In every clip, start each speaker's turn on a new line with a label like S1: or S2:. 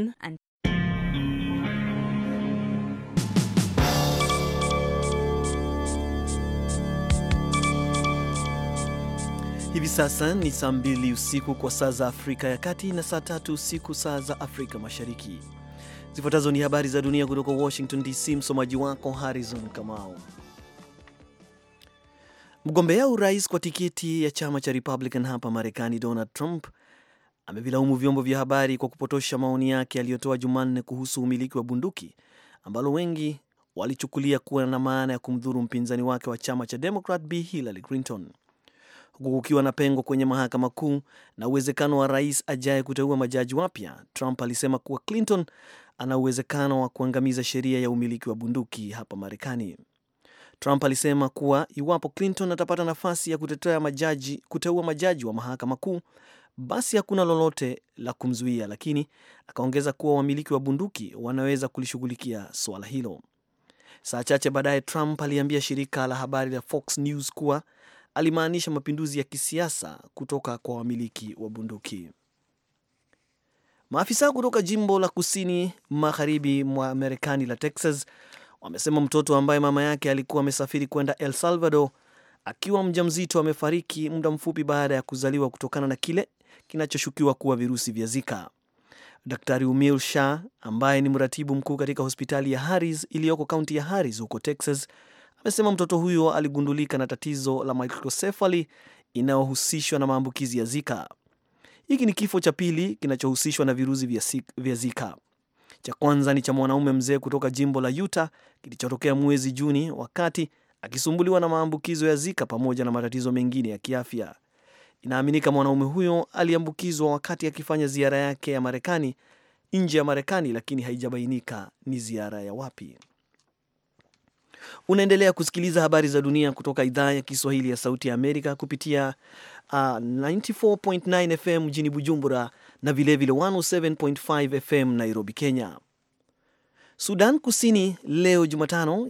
S1: and Hivi sasa ni saa mbili usiku kwa saa za Afrika ya Kati na saa tatu usiku saa za Afrika Mashariki. Zifuatazo ni habari za dunia kutoka Washington DC. Msomaji wako Harrison Kamau. Mgombea urais kwa tiketi ya chama cha Republican hapa Marekani, Donald Trump amevilaumu vyombo vya habari kwa kupotosha maoni yake aliyotoa Jumanne kuhusu umiliki wa bunduki ambalo wengi walichukulia kuwa na maana ya kumdhuru mpinzani wake wa chama cha Democrat b Hillary Clinton, huku kukiwa na pengo kwenye mahakama kuu na uwezekano wa rais ajaye kuteua majaji wapya. Trump alisema kuwa Clinton ana uwezekano wa kuangamiza sheria ya umiliki wa bunduki hapa Marekani. Trump alisema kuwa iwapo Clinton atapata nafasi ya kutetea majaji, kuteua majaji wa mahakama kuu basi hakuna lolote la kumzuia, lakini akaongeza kuwa wamiliki wa bunduki wanaweza kulishughulikia suala hilo. Saa chache baadaye, Trump aliambia shirika la habari la Fox News kuwa alimaanisha mapinduzi ya kisiasa kutoka kwa wamiliki wa bunduki. Maafisa kutoka jimbo la kusini magharibi mwa Marekani la Texas wamesema mtoto ambaye mama yake alikuwa amesafiri kwenda El Salvador akiwa mjamzito amefariki muda mfupi baada ya kuzaliwa kutokana na kile kinachoshukiwa kuwa virusi vya Zika. Daktari Umil Shah ambaye ni mratibu mkuu katika hospitali ya Harris iliyoko kaunti ya Harris huko Texas amesema mtoto huyo aligundulika na tatizo la microcefali inayohusishwa na maambukizi ya Zika. Hiki ni kifo cha pili kinachohusishwa na virusi vya Zika. Cha kwanza ni cha mwanaume mzee kutoka jimbo la Utah kilichotokea mwezi Juni wakati akisumbuliwa na maambukizo ya Zika pamoja na matatizo mengine ya kiafya. Inaaminika mwanaume huyo aliambukizwa wakati akifanya ziara yake ya Marekani nje ya Marekani, lakini haijabainika ni ziara ya wapi. Unaendelea kusikiliza habari za dunia kutoka idhaa ya Kiswahili ya Sauti ya Amerika kupitia uh, 94.9 FM mjini Bujumbura na vilevile 107.5 FM Nairobi, Kenya. Sudan Kusini leo Jumatano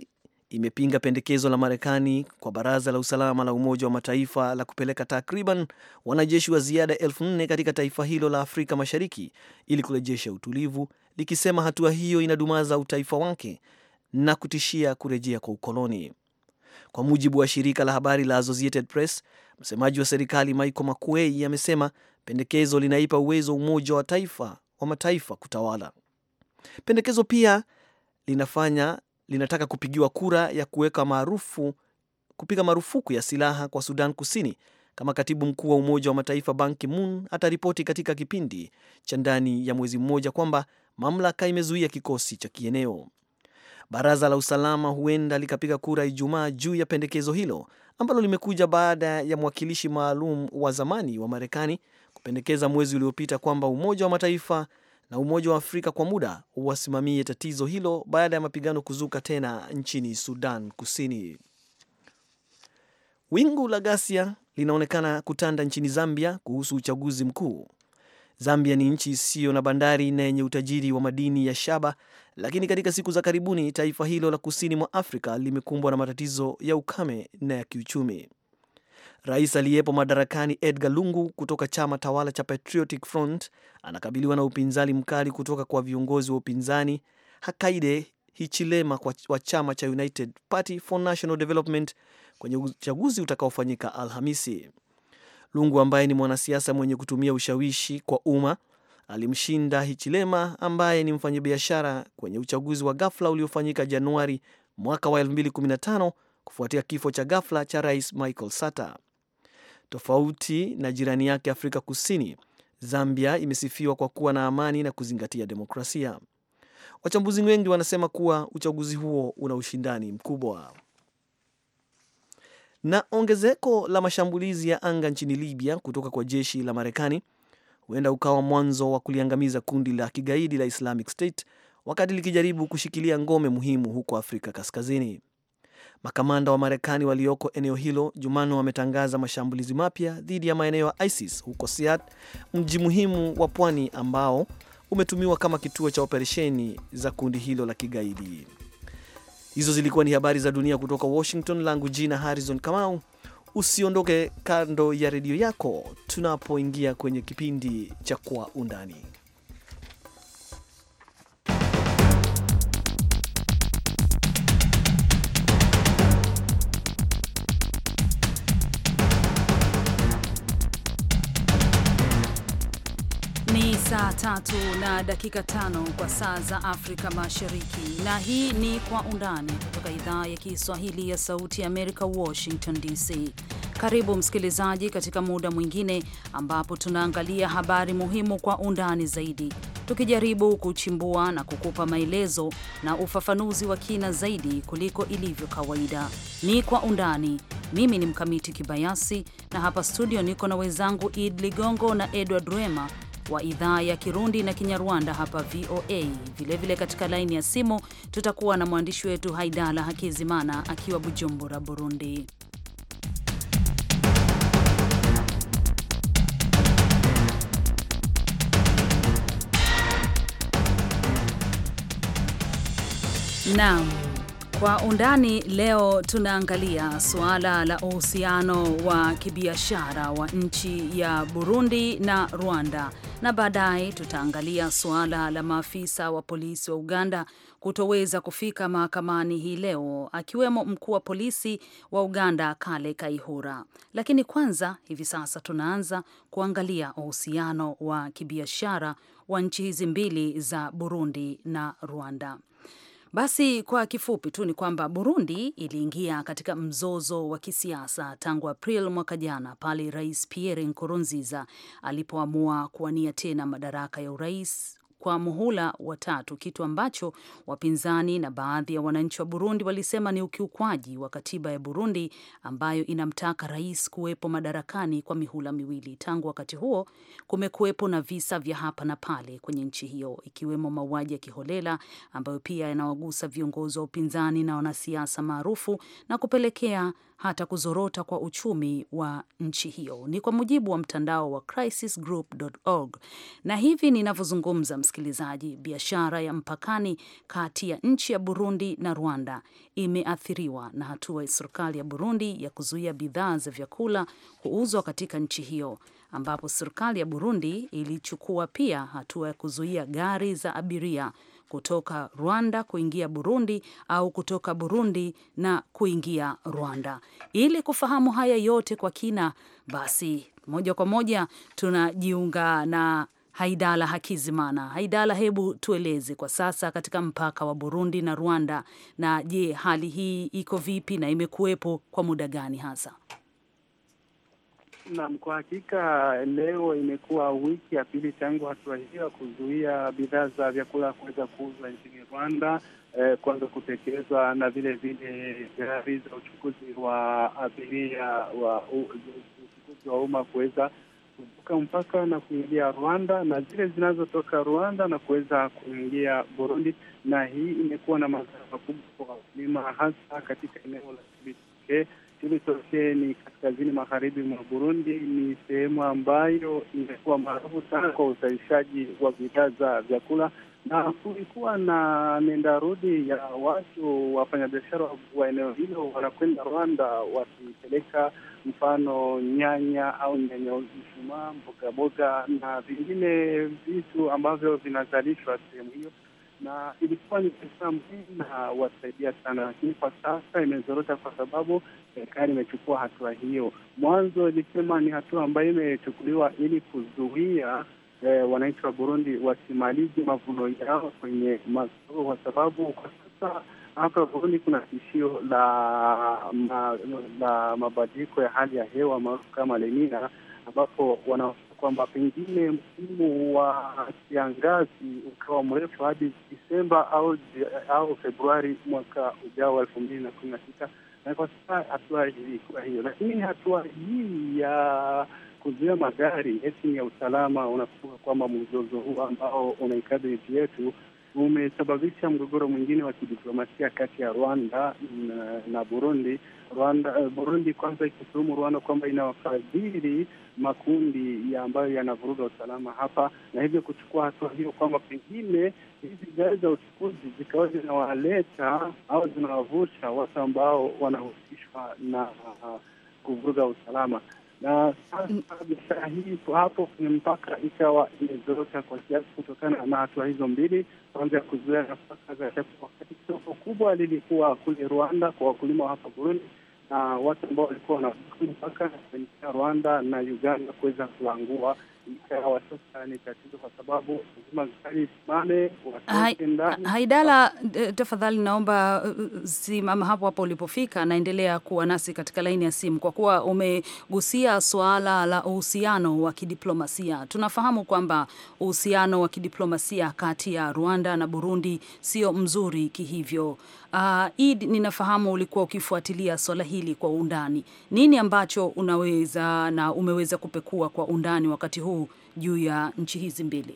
S1: imepinga pendekezo la Marekani kwa Baraza la Usalama la Umoja wa Mataifa la kupeleka takriban wanajeshi wa ziada elfu nne katika taifa hilo la Afrika Mashariki ili kurejesha utulivu, likisema hatua hiyo inadumaza utaifa wake na kutishia kurejea kwa ukoloni. Kwa mujibu wa shirika la habari la Associated Press, msemaji wa serikali Michael Makuei amesema pendekezo linaipa uwezo Umoja wa, taifa, wa Mataifa kutawala. Pendekezo pia linafanya linataka kupigiwa kura ya kuweka maarufu kupiga marufuku ya silaha kwa Sudan Kusini kama katibu mkuu wa Umoja wa Mataifa Ban Ki-moon ataripoti katika kipindi cha ndani ya mwezi mmoja kwamba mamlaka imezuia kikosi cha kieneo. Baraza la usalama huenda likapiga kura Ijumaa juu ya pendekezo hilo ambalo limekuja baada ya mwakilishi maalum wa zamani wa Marekani kupendekeza mwezi uliopita kwamba Umoja wa Mataifa na Umoja wa Afrika kwa muda wasimamie tatizo hilo baada ya mapigano kuzuka tena nchini Sudan Kusini. Wingu la ghasia linaonekana kutanda nchini Zambia kuhusu uchaguzi mkuu. Zambia ni nchi isiyo na bandari na yenye utajiri wa madini ya shaba, lakini katika siku za karibuni taifa hilo la kusini mwa Afrika limekumbwa na matatizo ya ukame na ya kiuchumi. Rais aliyepo madarakani Edgar Lungu kutoka chama tawala cha Patriotic Front anakabiliwa na upinzani mkali kutoka kwa viongozi wa upinzani Hakainde Hichilema wa chama cha United Party for National Development kwenye uchaguzi utakaofanyika Alhamisi. Lungu ambaye ni mwanasiasa mwenye kutumia ushawishi kwa umma alimshinda Hichilema ambaye ni mfanyabiashara kwenye uchaguzi wa ghafla uliofanyika Januari mwaka wa 2015 kufuatia kifo cha ghafla cha Rais Michael Sata. Tofauti na jirani yake Afrika Kusini, Zambia imesifiwa kwa kuwa na amani na kuzingatia demokrasia. Wachambuzi wengi wanasema kuwa uchaguzi huo una ushindani mkubwa. Na ongezeko la mashambulizi ya anga nchini Libya kutoka kwa jeshi la Marekani huenda ukawa mwanzo wa kuliangamiza kundi la kigaidi la Islamic State wakati likijaribu kushikilia ngome muhimu huko Afrika Kaskazini. Makamanda wa Marekani walioko eneo hilo jumano wametangaza mashambulizi mapya dhidi ya maeneo ya ISIS huko Siat, mji muhimu wa pwani ambao umetumiwa kama kituo cha operesheni za kundi hilo la kigaidi. Hizo zilikuwa ni habari za dunia kutoka Washington. Langu jina Harrison Kamau. Usiondoke kando ya redio yako tunapoingia kwenye kipindi cha Kwa Undani.
S2: Saa tatu na dakika tano kwa saa za Afrika Mashariki, na hii ni Kwa Undani kutoka idhaa ya Kiswahili ya Sauti ya Amerika, Washington DC. Karibu msikilizaji, katika muda mwingine ambapo tunaangalia habari muhimu kwa undani zaidi, tukijaribu kuchimbua na kukupa maelezo na ufafanuzi wa kina zaidi kuliko ilivyo kawaida. Ni Kwa Undani. Mimi ni Mkamiti Kibayasi, na hapa studio niko na wenzangu Id Ligongo na Edward Rwema wa idhaa ya Kirundi na Kinyarwanda hapa VOA. Vilevile katika laini ya simu tutakuwa na mwandishi wetu Haidala Hakizimana akiwa Bujumbura, Burundi. Naam, kwa undani leo tunaangalia suala la uhusiano wa kibiashara wa nchi ya Burundi na Rwanda na baadaye tutaangalia suala la maafisa wa polisi wa Uganda kutoweza kufika mahakamani hii leo, akiwemo mkuu wa polisi wa Uganda Kale Kaihura. Lakini kwanza, hivi sasa tunaanza kuangalia uhusiano wa kibiashara wa nchi hizi mbili za Burundi na Rwanda. Basi kwa kifupi tu ni kwamba Burundi iliingia katika mzozo wa kisiasa tangu April mwaka jana pale Rais Pierre Nkurunziza alipoamua kuwania tena madaraka ya urais kwa muhula wa tatu, kitu ambacho wapinzani na baadhi ya wananchi wa Burundi walisema ni ukiukwaji wa katiba ya Burundi ambayo inamtaka rais kuwepo madarakani kwa mihula miwili. Tangu wakati huo kumekuwepo na visa vya hapa na pale kwenye nchi hiyo, ikiwemo mauaji ya kiholela ambayo pia yanawagusa viongozi wa upinzani na wanasiasa maarufu na kupelekea hata kuzorota kwa uchumi wa nchi hiyo, ni kwa mujibu wa mtandao wa crisisgroup.org. Na hivi ninavyozungumza msikilizaji, biashara ya mpakani kati ya nchi ya Burundi na Rwanda imeathiriwa na hatua ya serikali ya Burundi ya kuzuia bidhaa za vyakula kuuzwa katika nchi hiyo, ambapo serikali ya Burundi ilichukua pia hatua ya kuzuia gari za abiria kutoka Rwanda kuingia Burundi au kutoka Burundi na kuingia Rwanda. Ili kufahamu haya yote kwa kina, basi moja kwa moja tunajiunga na Haidala Hakizimana. Haidala, hebu tueleze kwa sasa katika mpaka wa Burundi na Rwanda, na je, hali hii iko vipi na imekuwepo kwa muda gani hasa?
S3: Naam, kwa hakika leo imekuwa wiki ya pili tangu hatua hiyo ya kuzuia bidhaa za vyakula kuweza kuuzwa nchini Rwanda eh, kwanza kutekelezwa na vile vile gari za uchukuzi wa abiria wa uchukuzi wa umma kuweza kuvuka mpaka na kuingia Rwanda na zile zinazotoka Rwanda na kuweza kuingia Burundi, na hii imekuwa na madhara makubwa kwa wakulima, hasa katika eneo la Cibitoke. Cibitoke ni kaskazini magharibi mwa Burundi, ni sehemu ambayo imekuwa maarufu sana kwa uzalishaji wa bidhaa za vyakula na kulikuwa na nenda rudi ya watu wafanyabiashara wa eneo hilo wanakwenda Rwanda wakipeleka mfano nyanya au nyanya mshumaa, mboga mboga na vingine vitu ambavyo vinazalishwa sehemu hiyo, na ilikuwa ni pesa mhimu na wasaidia sana, lakini kwa sasa imezorota kwa sababu serikali imechukua hatua hiyo. Mwanzo ilisema ni hatua ambayo imechukuliwa ili kuzuia eh, wananchi wa Burundi wasimalize mavuno yao kwenye masoko kwa sababu kwa sasa hapa Boni kuna tishio la, ma, la mabadiliko ya hali ya hewa maarufu kama Lenina, ambapo wana kwamba pengine msimu wa kiangazi ukawa mrefu hadi Disemba au au Februari mwaka ujao wa elfu mbili na kumi na sita na kwa sasa hatua ilikuwa hiyo, lakini hatua hii ya kuzuia magari eti ya usalama, unakumbuka kwamba mzozo huu ambao unaikabili nchi yetu umesababisha mgogoro mwingine wa kidiplomasia kati ya Rwanda na, na Burundi. Rwanda uh, Burundi kwanza ikituhumu Rwanda kwamba inawafadhili makundi ya ambayo yanavuruga usalama hapa, na hivyo kuchukua hatua hiyo kwamba pengine hizi gari za uchukuzi zikawa zinawaleta au zinawavusha watu ambao wanahusishwa na uh, kuvuruga usalama na sasa biashara hii hapo kwenye mpaka ikawa imezorota kwa kiasi kutokana na hatua hizo mbili, kwanza ya kuzuia nafaka za chakula, wakati soko kubwa lilikuwa kule Rwanda kwa wakulima wa hapa Burundi na watu ambao walikuwa wanavuka mpaka kuelekea Rwanda na Uganda kuweza kulangua ikawa sasa ni tatizo kwa sababu lazima serikali isimame.
S2: Haidala, eh, tafadhali naomba eh, simama hapo hapo ulipofika. Naendelea kuwa nasi katika laini ya simu, kwa kuwa umegusia suala la uhusiano wa kidiplomasia. Tunafahamu kwamba uhusiano wa kidiplomasia kati ya Rwanda na Burundi sio mzuri kihivyo. Uh, Eid, ninafahamu ulikuwa ukifuatilia swala hili kwa undani. Nini ambacho unaweza na umeweza kupekua kwa undani wakati huu juu ya nchi hizi mbili?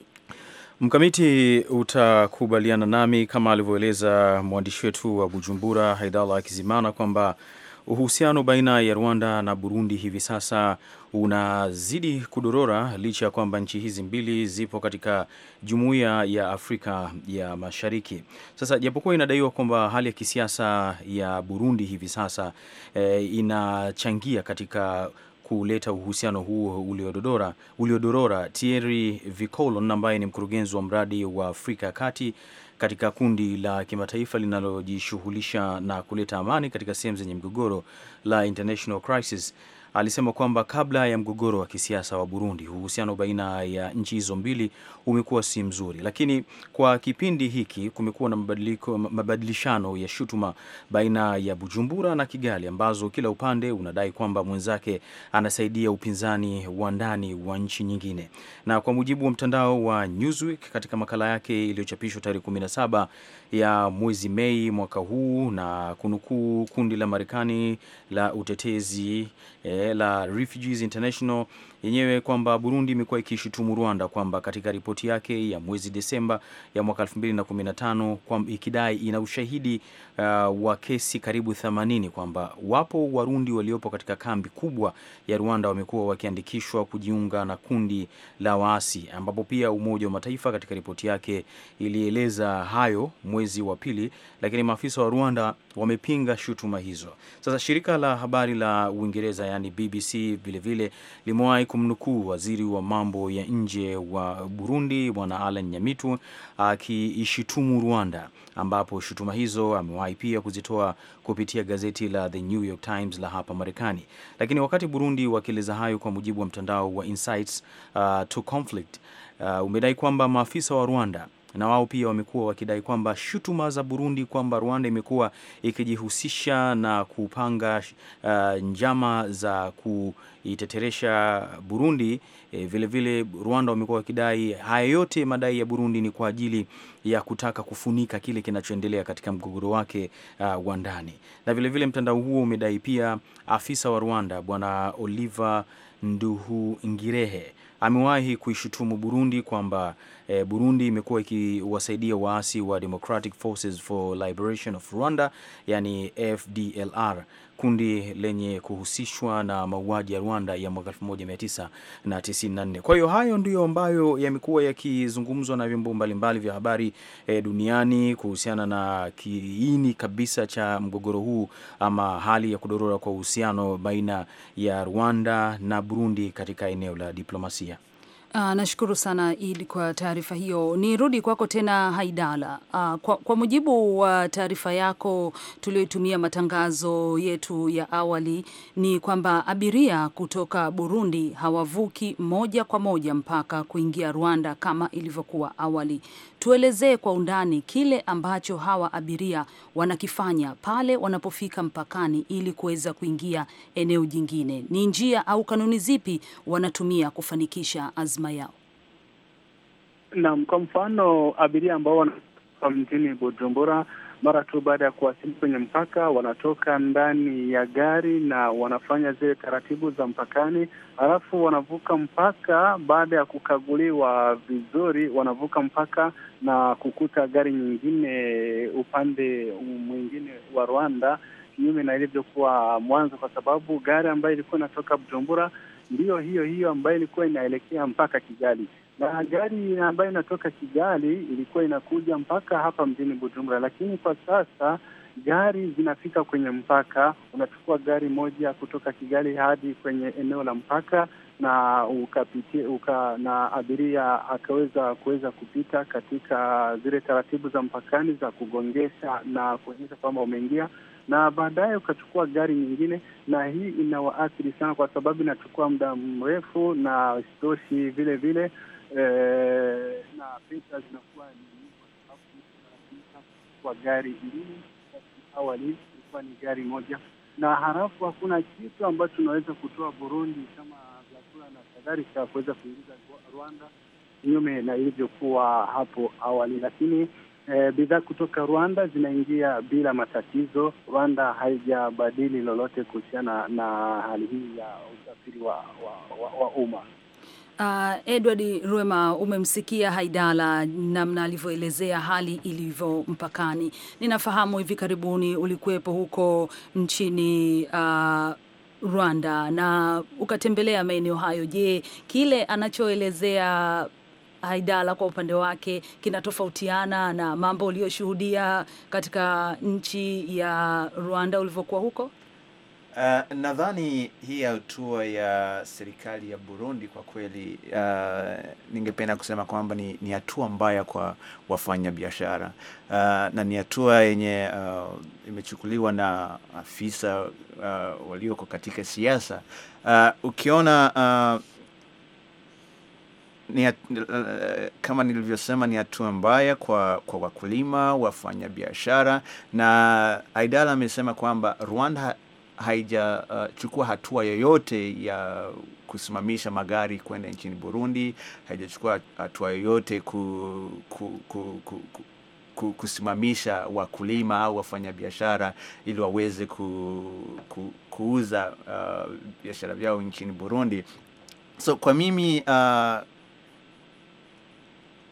S4: Mkamiti, utakubaliana nami kama alivyoeleza mwandishi wetu wa Bujumbura Haidala Akizimana kwamba Uhusiano baina ya Rwanda na Burundi hivi sasa unazidi kudorora licha ya kwamba nchi hizi mbili zipo katika jumuiya ya Afrika ya Mashariki. Sasa japokuwa inadaiwa kwamba hali ya kisiasa ya Burundi hivi sasa eh, inachangia katika kuleta uhusiano huo uliodorora uliodorora. Thierry Vicolon ambaye ni mkurugenzi wa mradi wa Afrika ya Kati katika kundi la kimataifa linalojishughulisha na kuleta amani katika sehemu zenye migogoro la International Crisis alisema kwamba kabla ya mgogoro wa kisiasa wa Burundi, uhusiano baina ya nchi hizo mbili umekuwa si mzuri, lakini kwa kipindi hiki kumekuwa na mabadiliko, mabadilishano ya shutuma baina ya Bujumbura na Kigali, ambazo kila upande unadai kwamba mwenzake anasaidia upinzani wa ndani wa nchi nyingine. Na kwa mujibu wa mtandao wa Newsweek katika makala yake iliyochapishwa tarehe 17 ya mwezi Mei mwaka huu na kunukuu kundi la Marekani la utetezi eh, la Refugees International yenyewe kwamba Burundi imekuwa ikishutumu Rwanda kwamba katika ripoti yake ya mwezi Desemba ya mwaka 2015 kwamba ikidai ina ushahidi uh, wa kesi karibu 80 kwamba wapo Warundi waliopo katika kambi kubwa ya Rwanda wamekuwa wakiandikishwa kujiunga na kundi la waasi, ambapo pia Umoja wa Mataifa katika ripoti yake ilieleza hayo mwezi wa pili, lakini maafisa wa Rwanda wamepinga shutuma hizo. Sasa shirika la habari la Uingereza yani BBC vilevile limewahi kumnukuu waziri wa mambo ya nje wa Burundi Bwana Alan Nyamitu akiishitumu Rwanda, ambapo shutuma hizo amewahi pia kuzitoa kupitia gazeti la The New York Times la hapa Marekani. Lakini wakati Burundi wakieleza hayo, kwa mujibu wa mtandao wa Insights uh, to Conflict uh, umedai kwamba maafisa wa Rwanda na wao pia wamekuwa wakidai kwamba shutuma za Burundi kwamba Rwanda imekuwa ikijihusisha na kupanga uh, njama za ku itateresha Burundi. Vilevile vile Rwanda wamekuwa wakidai haya yote, madai ya Burundi ni kwa ajili ya kutaka kufunika kile kinachoendelea katika mgogoro wake uh, wa ndani. Na vilevile mtandao huo umedai pia afisa wa Rwanda Bwana Oliver Nduhungirehe amewahi kuishutumu Burundi kwamba e, Burundi imekuwa ikiwasaidia waasi wa Democratic Forces for Liberation of Rwanda yani FDLR kundi lenye kuhusishwa na mauaji ya Rwanda ya mwaka 1994. Kwa hiyo hayo ndiyo ambayo yamekuwa yakizungumzwa na vyombo mbalimbali vya habari e, duniani kuhusiana na kiini kabisa cha mgogoro huu ama hali ya kudorora kwa uhusiano baina ya Rwanda na Burundi katika eneo la diplomasia.
S2: Uh, nashukuru sana id kwa taarifa hiyo. Nirudi kwako tena Haidala. Uh, kwa, kwa mujibu wa taarifa yako tuliyoitumia matangazo yetu ya awali ni kwamba abiria kutoka Burundi hawavuki moja kwa moja mpaka kuingia Rwanda kama ilivyokuwa awali tuelezee kwa undani kile ambacho hawa abiria wanakifanya pale wanapofika mpakani ili kuweza kuingia eneo jingine. Ni njia au kanuni zipi wanatumia kufanikisha azma yao?
S3: Naam, kwa mfano abiria ambao wanatoka mjini Bujumbura mara tu baada ya kuwasili kwenye mpaka wanatoka ndani ya gari na wanafanya zile taratibu za mpakani, halafu wanavuka mpaka. Baada ya kukaguliwa vizuri, wanavuka mpaka na kukuta gari nyingine upande mwingine wa Rwanda, kinyume na ilivyokuwa mwanzo, kwa sababu gari ambayo ilikuwa inatoka Bujumbura ndiyo hiyo hiyo ambayo ilikuwa inaelekea mpaka Kigali, na gari ambayo inatoka Kigali ilikuwa inakuja mpaka hapa mjini Bujumbura, lakini kwa sasa gari zinafika kwenye mpaka. Unachukua gari moja kutoka Kigali hadi kwenye eneo la mpaka na ukapiti, uka, na abiria akaweza kuweza kupita katika zile taratibu za mpakani za kugongesha na kuonyesha kwamba umeingia na baadaye ukachukua gari nyingine, na hii inawaathiri sana, kwa sababu inachukua muda mrefu na sitoshi vile vile ee, na pesa zinakuwa ni kwa gari mbili. Awali ilikuwa ni gari moja, na halafu hakuna kitu ambacho tunaweza kutoa Burundi kama kadhalika kuweza kuingiza Rwanda kinyume na ilivyokuwa hapo awali, lakini e, bidhaa kutoka Rwanda zinaingia bila matatizo. Rwanda haijabadili lolote kuhusiana na hali hii ya usafiri wa, wa, wa, wa umma.
S2: Uh, Edward Rwema, umemsikia Haidala namna alivyoelezea hali ilivyo mpakani. Ninafahamu hivi karibuni ulikuwepo huko nchini uh, Rwanda na ukatembelea maeneo hayo. Je, kile anachoelezea Haidala kwa upande wake kinatofautiana na mambo uliyoshuhudia katika nchi ya Rwanda ulivyokuwa huko?
S5: Uh, nadhani hii hatua ya serikali ya Burundi kwa kweli, uh, ningependa kusema kwamba ni, ni hatua mbaya kwa wafanyabiashara uh, na ni hatua yenye uh, imechukuliwa na afisa uh, walioko katika siasa uh, ukiona uh, ni, uh, kama nilivyosema ni hatua mbaya kwa, kwa wakulima, wafanyabiashara na Aidala amesema kwamba Rwanda haijachukua uh, hatua yoyote ya kusimamisha magari kwenda nchini Burundi, haijachukua hatua yoyote ku, ku, ku, ku, ku, kusimamisha wakulima au wafanyabiashara ili waweze ku, ku, kuuza uh, biashara vyao nchini Burundi. So kwa mimi uh,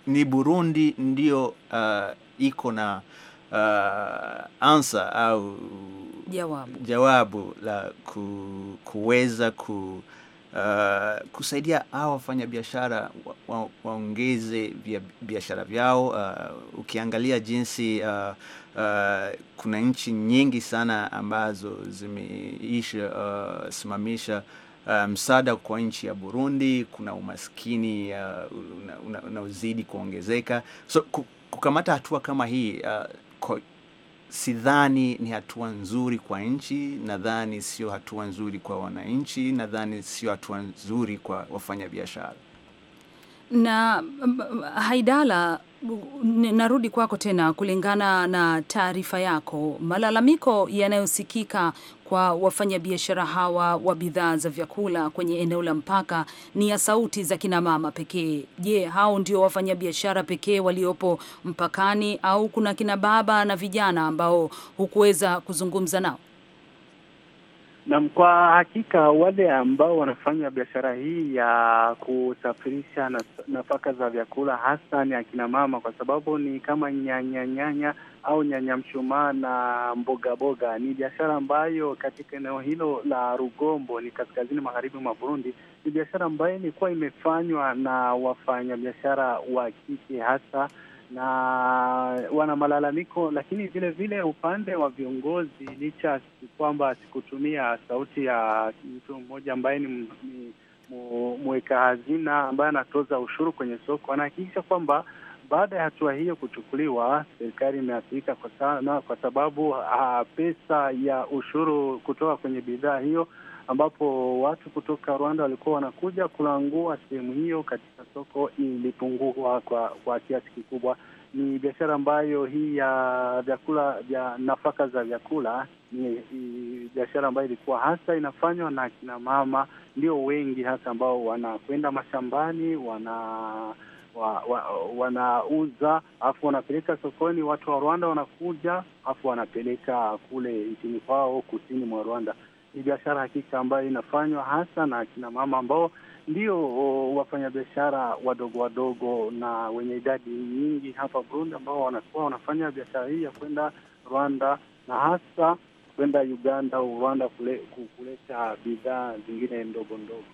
S5: ni Burundi ndio uh, iko na uh, ansa au jawabu, jawabu la ku, kuweza ku, uh, kusaidia hao wafanyabiashara waongeze wa biashara vyao. Uh, ukiangalia jinsi uh, Uh, kuna nchi nyingi sana ambazo zimeisha uh, simamisha uh, msaada kwa nchi ya Burundi. Kuna umaskini uh, unaozidi una, una kuongezeka, so kukamata hatua kama hii uh, sidhani ni hatua nzuri kwa nchi, nadhani sio hatua nzuri kwa wananchi, nadhani sio hatua nzuri kwa wafanyabiashara
S2: na Haidala narudi kwako tena. Kulingana na taarifa yako, malalamiko yanayosikika kwa wafanyabiashara hawa wa bidhaa za vyakula kwenye eneo la mpaka ni ya sauti za kina mama pekee. Je, hao ndio wafanyabiashara pekee waliopo mpakani au kuna kina baba na vijana ambao hukuweza kuzungumza nao?
S3: Naam, kwa hakika wale ambao wanafanya biashara hii ya kusafirisha nafaka za vyakula hasa ni akina mama, kwa sababu ni kama nyanya nyanya au nyanya mshumaa na mboga boga. Ni biashara ambayo katika eneo hilo la Rugombo ni kaskazini magharibi mwa Burundi, ni biashara ambayo ilikuwa imefanywa na wafanyabiashara wa kike hasa na wana malalamiko, lakini vile vile upande wa viongozi, licha kwamba sikutumia sauti ya mtu mmoja ambaye ni, ni mweka hazina ambaye anatoza ushuru kwenye soko, anahakikisha kwamba baada ya hatua hiyo kuchukuliwa, serikali imeathirika kwa sana, kwa sababu ah, pesa ya ushuru kutoka kwenye bidhaa hiyo ambapo watu kutoka Rwanda walikuwa wanakuja kulangua sehemu hiyo katika soko, ilipungua kwa, kwa kiasi kikubwa. Ni biashara ambayo hii ya vyakula vya nafaka za vyakula ni biashara ambayo ilikuwa hasa inafanywa na kinamama mama, ndio wengi hasa ambao wanakwenda mashambani wana wa, wa, wanauza afu wanapeleka sokoni. Watu wa Rwanda wanakuja afu wanapeleka kule nchini kwao kusini mwa Rwanda ni biashara hakika ambayo inafanywa hasa na akina mama ambao ndio wafanyabiashara wadogo wadogo na wenye idadi nyingi hapa Burundi, ambao wanakuwa wanafanya biashara hii ya kwenda Rwanda na hasa kwenda Uganda au Rwanda kule, kuleta bidhaa zingine ndogo ndogo.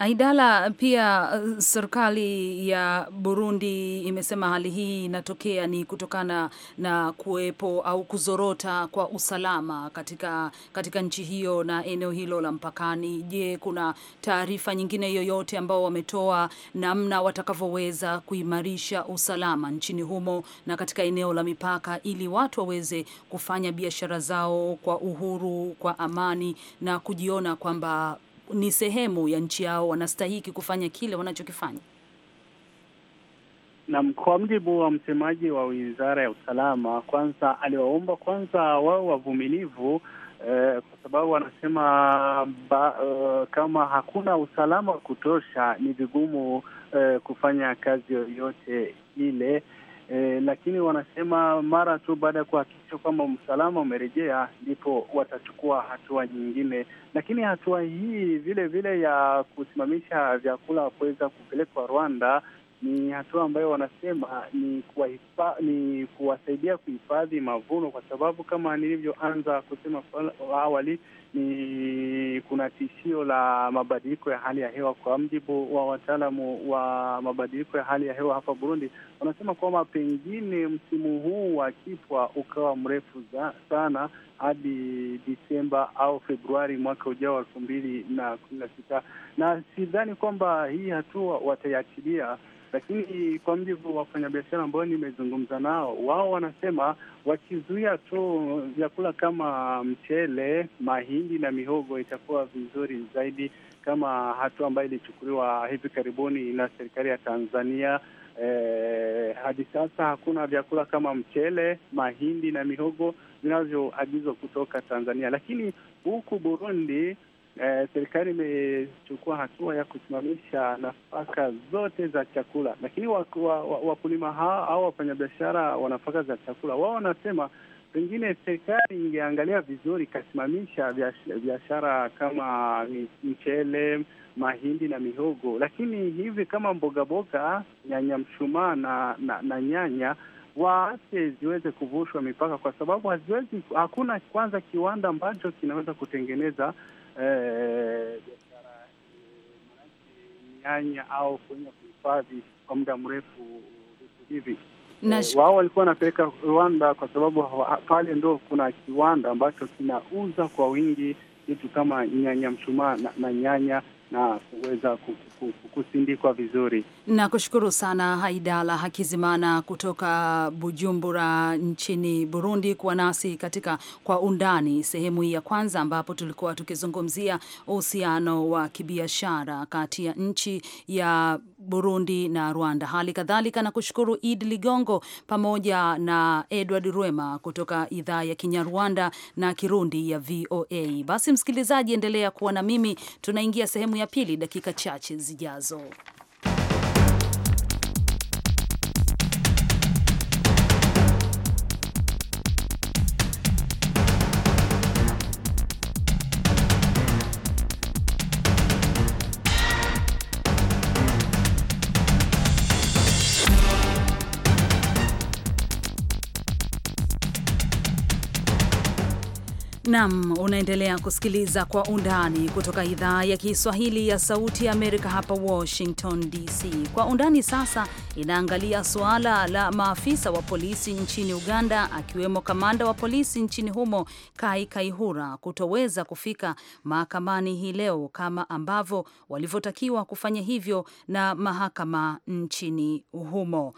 S2: Aidala, pia serikali ya Burundi imesema hali hii inatokea ni kutokana na kuwepo au kuzorota kwa usalama katika, katika nchi hiyo na eneo hilo la mpakani. Je, kuna taarifa nyingine yoyote ambao wametoa namna watakavyoweza kuimarisha usalama nchini humo na katika eneo la mipaka ili watu waweze kufanya biashara zao kwa uhuru, kwa amani na kujiona kwamba ni sehemu ya nchi yao, wanastahiki kufanya kile wanachokifanya.
S3: Na kwa mjibu wa msemaji wa Wizara ya Usalama, kwanza aliwaomba kwanza wawe wavumilivu eh, kwa sababu wanasema ba, eh, kama hakuna usalama wa kutosha ni vigumu eh, kufanya kazi yoyote ile e, lakini wanasema mara tu baada ya kuhakikisha kwamba usalama umerejea ndipo watachukua hatua nyingine. Lakini hatua hii vile vile ya kusimamisha vyakula kuweza kupelekwa Rwanda ni hatua ambayo wanasema ni kuwaipa, ni kuwasaidia kuhifadhi mavuno, kwa sababu kama nilivyoanza kusema awali ni kuna tishio la mabadiliko ya hali ya hewa. Kwa mjibu wa wataalamu wa mabadiliko ya hali ya hewa hapa Burundi, wanasema kwamba pengine msimu huu wa kipwa ukawa mrefu za, sana hadi Disemba au Februari mwaka ujao wa elfu mbili na kumi na sita, na sidhani kwamba hii hatua wataiachilia lakini kwa mjibu wa wafanyabiashara ambao nimezungumza nao, wao wanasema wakizuia tu vyakula kama mchele, mahindi na mihogo itakuwa vizuri zaidi, kama hatua ambayo ilichukuliwa hivi karibuni na serikali ya Tanzania. Eh, hadi sasa hakuna vyakula kama mchele, mahindi na mihogo vinavyoagizwa kutoka Tanzania, lakini huku Burundi eh, serikali imechukua hatua ya kusimamisha nafaka zote za chakula, lakini wakulima wa, wa, hawa au wafanyabiashara wa nafaka za chakula wao wanasema pengine serikali ingeangalia vizuri ikasimamisha biashara kama mchele, mahindi na mihogo, lakini hivi kama mbogaboga, nyanya mshumaa na, na, na nyanya waache ziweze kuvushwa mipaka, kwa sababu haziwezi, hakuna kwanza kiwanda ambacho kinaweza kutengeneza Eh, biashara eh, nyanya au kwenye kuhifadhi kwa muda mrefu vitu hivi. Eh, wao walikuwa wanapeleka Rwanda kwa sababu pale ndo kuna kiwanda ambacho kinauza kwa wingi vitu kama nyanya mshumaa na, na nyanya na kuweza kusindikwa vizuri.
S2: Nakushukuru sana Haidala Hakizimana kutoka Bujumbura nchini Burundi kuwa nasi katika Kwa Undani sehemu hii ya kwanza, ambapo tulikuwa tukizungumzia uhusiano wa kibiashara kati ya nchi ya Burundi na Rwanda. Hali kadhalika nakushukuru Idi Ligongo pamoja na Edward Rwema kutoka idhaa ya Kinyarwanda na Kirundi ya VOA. Basi msikilizaji, endelea kuwa na mimi, tunaingia sehemu ya pili dakika chache Gazi Gazo. Nam, unaendelea kusikiliza Kwa Undani kutoka idhaa ya Kiswahili ya Sauti ya Amerika hapa Washington DC. Kwa Undani sasa inaangalia suala la maafisa wa polisi nchini Uganda, akiwemo kamanda wa polisi nchini humo Kai Kaihura kutoweza kufika mahakamani hii leo kama ambavyo walivyotakiwa kufanya hivyo na mahakama nchini humo.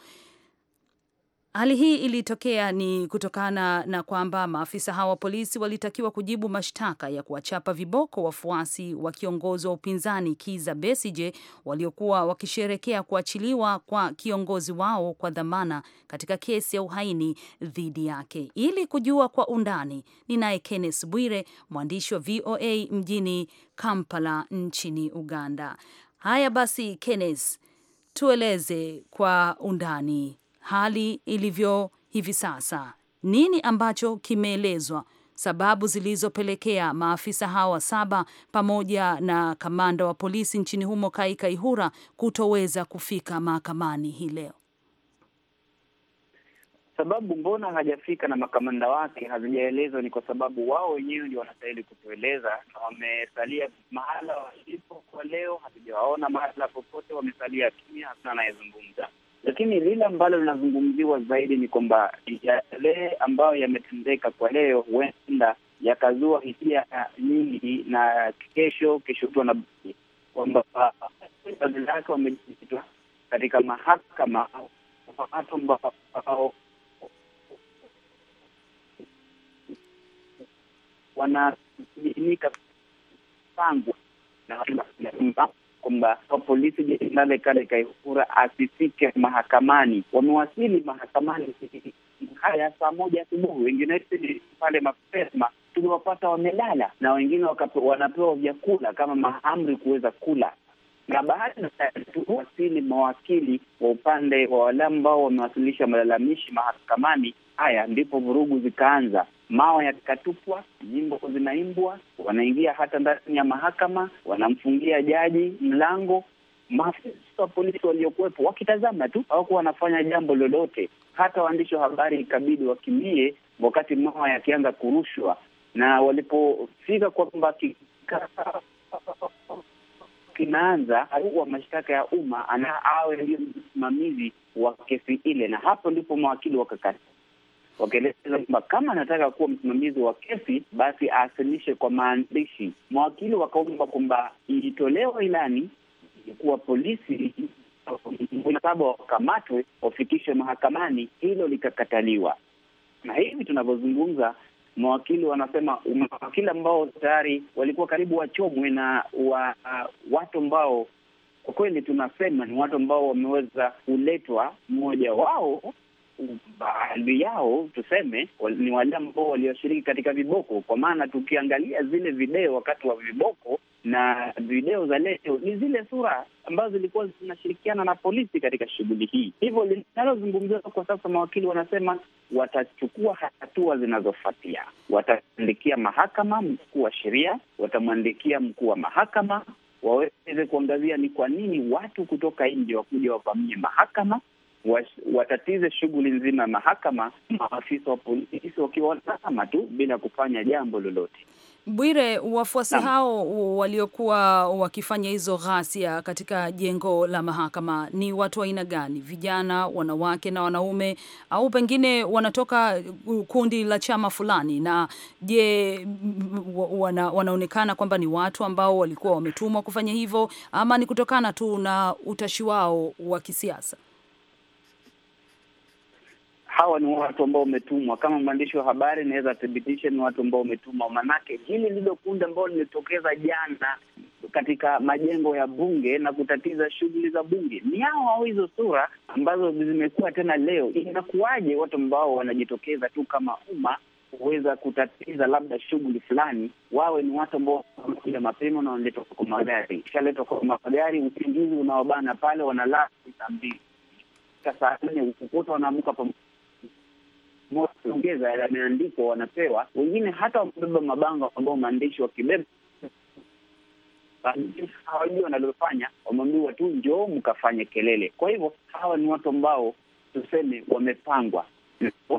S2: Hali hii ilitokea ni kutokana na kwamba maafisa hawa wa polisi walitakiwa kujibu mashtaka ya kuwachapa viboko wafuasi wa kiongozi wa upinzani Kiza Besije waliokuwa wakisherekea kuachiliwa kwa kiongozi wao kwa dhamana katika kesi ya uhaini dhidi yake. Ili kujua kwa undani, ninaye Kenneth Bwire, mwandishi wa VOA mjini Kampala nchini Uganda. Haya basi, Kenneth, tueleze kwa undani hali ilivyo hivi sasa? Nini ambacho kimeelezwa sababu zilizopelekea maafisa hawa saba pamoja na kamanda wa polisi nchini humo Kai Kaihura kutoweza kufika mahakamani hii leo?
S6: Sababu mbona hajafika na makamanda wake hazijaelezwa, ni kwa sababu wao wenyewe ndio wanastahili kutueleza, na wamesalia mahala walipo kwa leo. Hatujawaona mahala popote, wamesalia kimya, hakuna anayezungumza. Lakini lile ambalo linazungumziwa zaidi ni kwamba yale ambayo yametendeka kwa leo huenda yakazua hisia nyingi, na kesho kesho tu na kwamba wazazi ah, lake wamejitwa katika mahakama watu ambao wanaminika pangwa na kwamba polisi jenerali Kale Kaihura asifike mahakamani. Wamewasili mahakamani haya saa moja asubuhi, wengine pale mapema tuliwapata wamelala, na wengine wanapewa vyakula kama mahamri kuweza kula na baada ya mawakili wa upande wa wale ambao wamewasilisha malalamishi mahakamani, haya ndipo vurugu zikaanza mawe yakatupwa, nyimbo zinaimbwa, wanaingia hata ndani ya mahakama, wanamfungia jaji mlango. Maafisa wa polisi waliokuwepo wakitazama tu, hawakuwa wanafanya jambo lolote. Hata waandishi wa habari ikabidi wakimbie wakati mawe yakianza kurushwa, na walipofika kwamba kinaanza wa mashtaka ya umma ana awe ndio msimamizi wa kesi ile, na hapo ndipo mawakili wakakata wakaeleza kwamba kama anataka kuwa msimamizi wa kesi basi aasilishe kwa maandishi. Mawakili wakaomba kwamba ilitolewa ilani kuwa polisi saba wakamatwe wafikishwe mahakamani, hilo likakataliwa. Na hivi tunavyozungumza, mawakili wanasema, mawakili ambao tayari walikuwa karibu wachomwe na wa, uh, watu ambao kwa kweli tunasema ni watu ambao wameweza kuletwa, mmoja wao baadhi yao tuseme ni wale ambao walioshiriki katika viboko, kwa maana tukiangalia zile video wakati wa viboko na video za leo ni zile sura ambazo zilikuwa zinashirikiana na polisi katika shughuli hii. Hivyo linalozungumziwa kwa sasa, mawakili wanasema watachukua hatua zinazofuatia. Watamwandikia mahakama mkuu wa sheria, watamwandikia mkuu wa mahakama waweze kuangazia ni kwa nini watu kutoka nje wakuja wavamie mahakama watatize shughuli nzima ya mahakama, maafisa wa polisi wakiwatazama tu bila kufanya jambo lolote.
S2: Bwire, wafuasi hao waliokuwa wakifanya hizo ghasia katika jengo la mahakama ni watu wa aina gani? Vijana, wanawake na wanaume, au pengine wanatoka kundi la chama fulani? Na je, wana, wanaonekana kwamba ni watu ambao walikuwa wametumwa kufanya hivyo ama ni kutokana tu na utashi wao wa kisiasa?
S6: hawa ni watu ambao wametumwa. Kama mwandishi wa habari, naweza thibitisha ni watu ambao wametumwa, manake hili lilo kundi ambao limetokeza jana katika majengo ya bunge na kutatiza shughuli za bunge ni hao au Hizo sura ambazo zimekuwa tena leo, inakuwaje watu ambao wanajitokeza tu kama umma kuweza kutatiza labda shughuli fulani, wawe ni watu ambao wamekuja mapema na wanaletwa kwa magari, kishaletwa kwa magari, usingizi unaobana pale, wanalala saa mbili, saa nne ukukuta wanaamka pamoja ongeza yale yameandikwa, wanapewa wengine, hata wamebeba mabango ambao maandishi wakibeba hawajua wanalofanya, wameambiwa tu njoo mkafanye kelele. Kwa hivyo hawa ni watu ambao tuseme wamepangwa.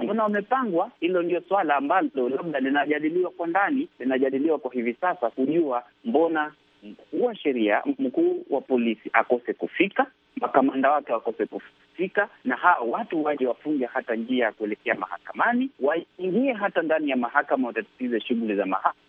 S6: Mbona wamepangwa? Hilo ndio swala ambalo labda linajadiliwa kwa ndani, linajadiliwa kwa hivi sasa, kujua mbona mkuu wa sheria, mkuu wa polisi akose kufika, makamanda wake wakose kufika husika, na hao watu waje wafunge hata njia ya kuelekea mahakamani, waingie hata ndani ya mahakama, watatatiza shughuli za mahakama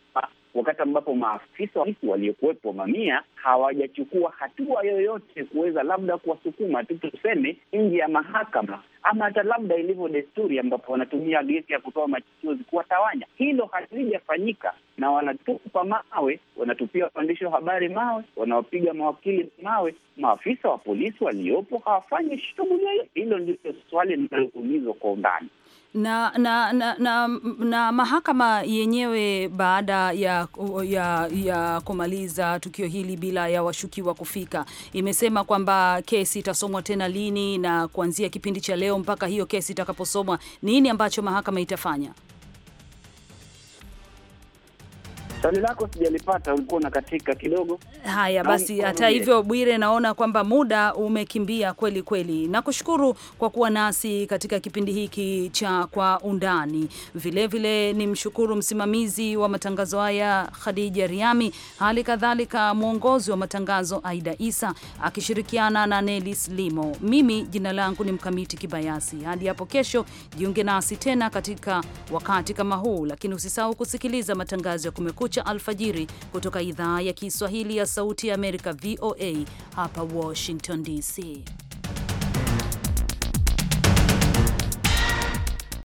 S6: wakati ambapo maafisa waliokuwepo mamia hawajachukua hatua yoyote kuweza labda kuwasukuma tu, tuseme nje ya mahakama ama hata labda ilivyo desturi ambapo wanatumia gesi ya kutoa machozi kuwatawanya. Hilo halijafanyika, na wanatupa mawe, wanatupia waandishi wa habari mawe, wanaopiga mawakili mawe. Maafisa wa polisi waliopo hawafanyi shughuli yoyote. Hilo ndilo swali linaloulizwa kwa undani
S2: na, na, na, na, na mahakama yenyewe baada ya, ya, ya kumaliza tukio hili bila ya washukiwa kufika, imesema kwamba kesi itasomwa tena lini na kuanzia kipindi cha leo mpaka hiyo kesi itakaposomwa, nini ambacho mahakama itafanya?
S6: Swali lako sijalipata, ulikuwa unakatika kidogo.
S2: Haya basi, hata hivyo Bwire, naona kwamba muda umekimbia kweli kweli. Nakushukuru kwa kuwa nasi katika kipindi hiki cha Kwa Undani. Vilevile ni mshukuru msimamizi wa matangazo haya Khadija Riami, hali kadhalika mwongozi wa matangazo Aida Isa akishirikiana na Nelis Limo. Mimi jina langu ni Mkamiti Kibayasi. Hadi hapo kesho, jiunge nasi tena katika wakati kama huu, lakini usisahau kusikiliza matangazo ya Kumekucha cha alfajiri kutoka idhaa ya Kiswahili ya Sauti ya Amerika, VOA hapa Washington DC.